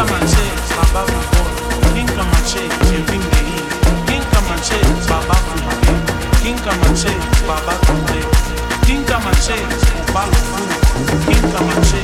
King Camaché, Baba King Camaché, Ubalo King Camaché.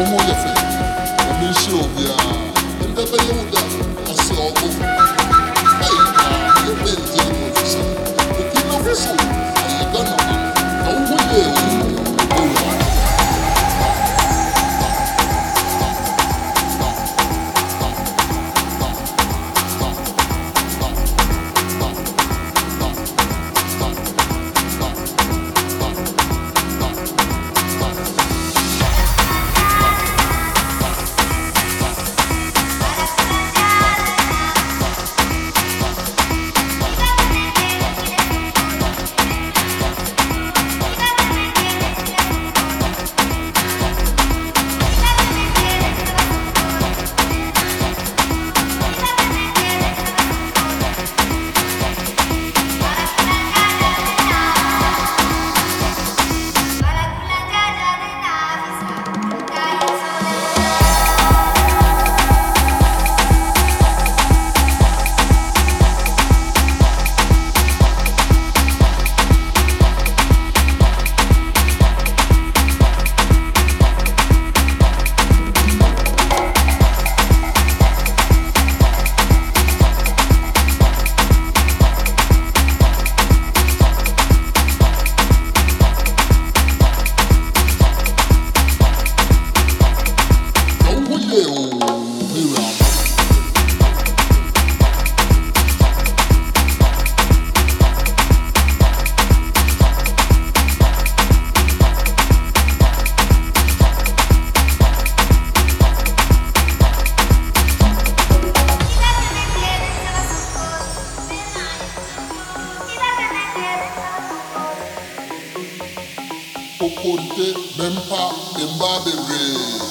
i a hacer. A mí se kote, men pa, men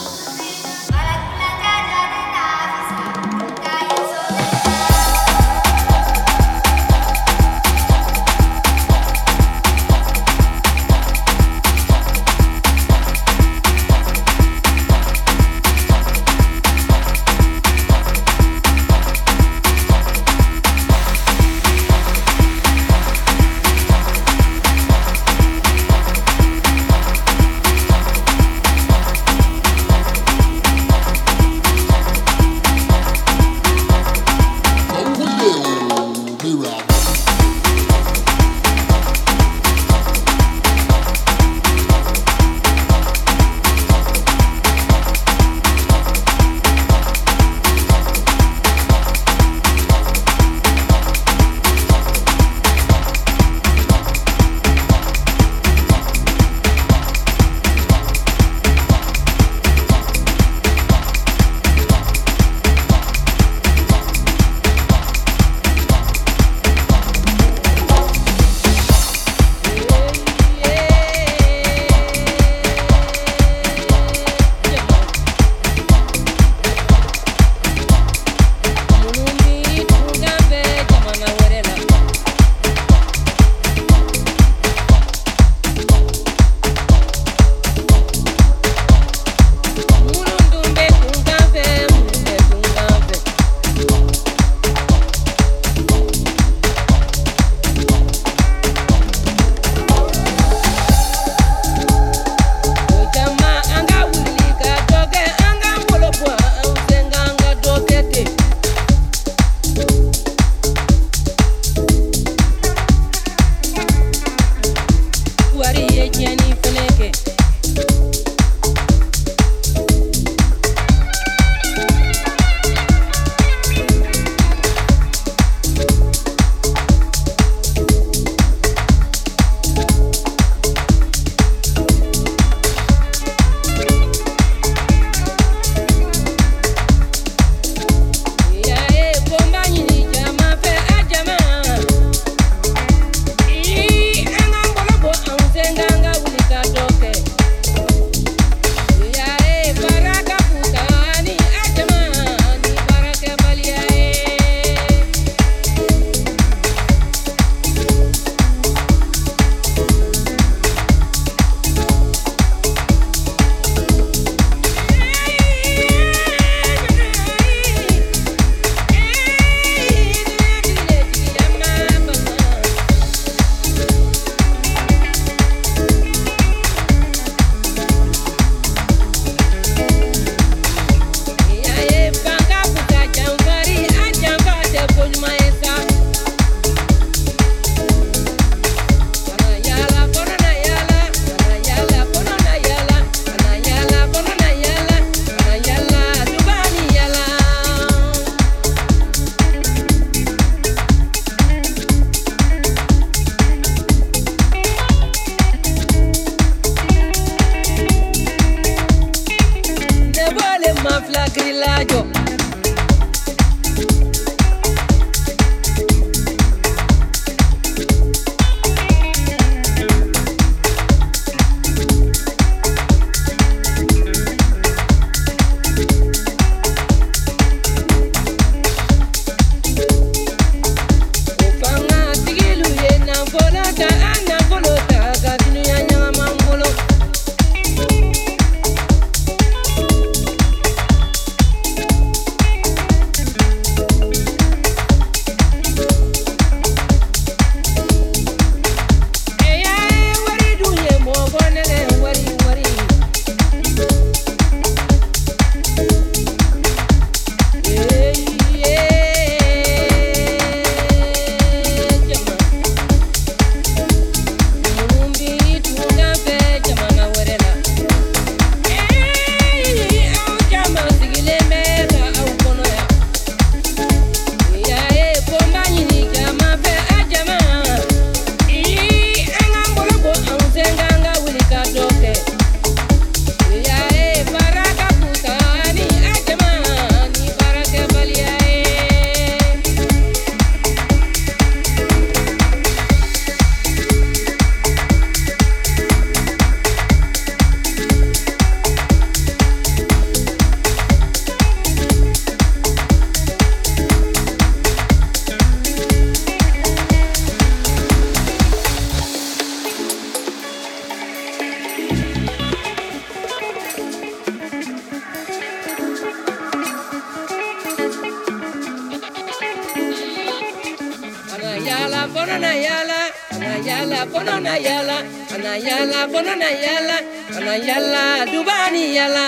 dubani yala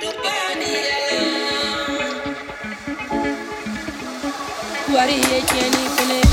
dubani yala wari ye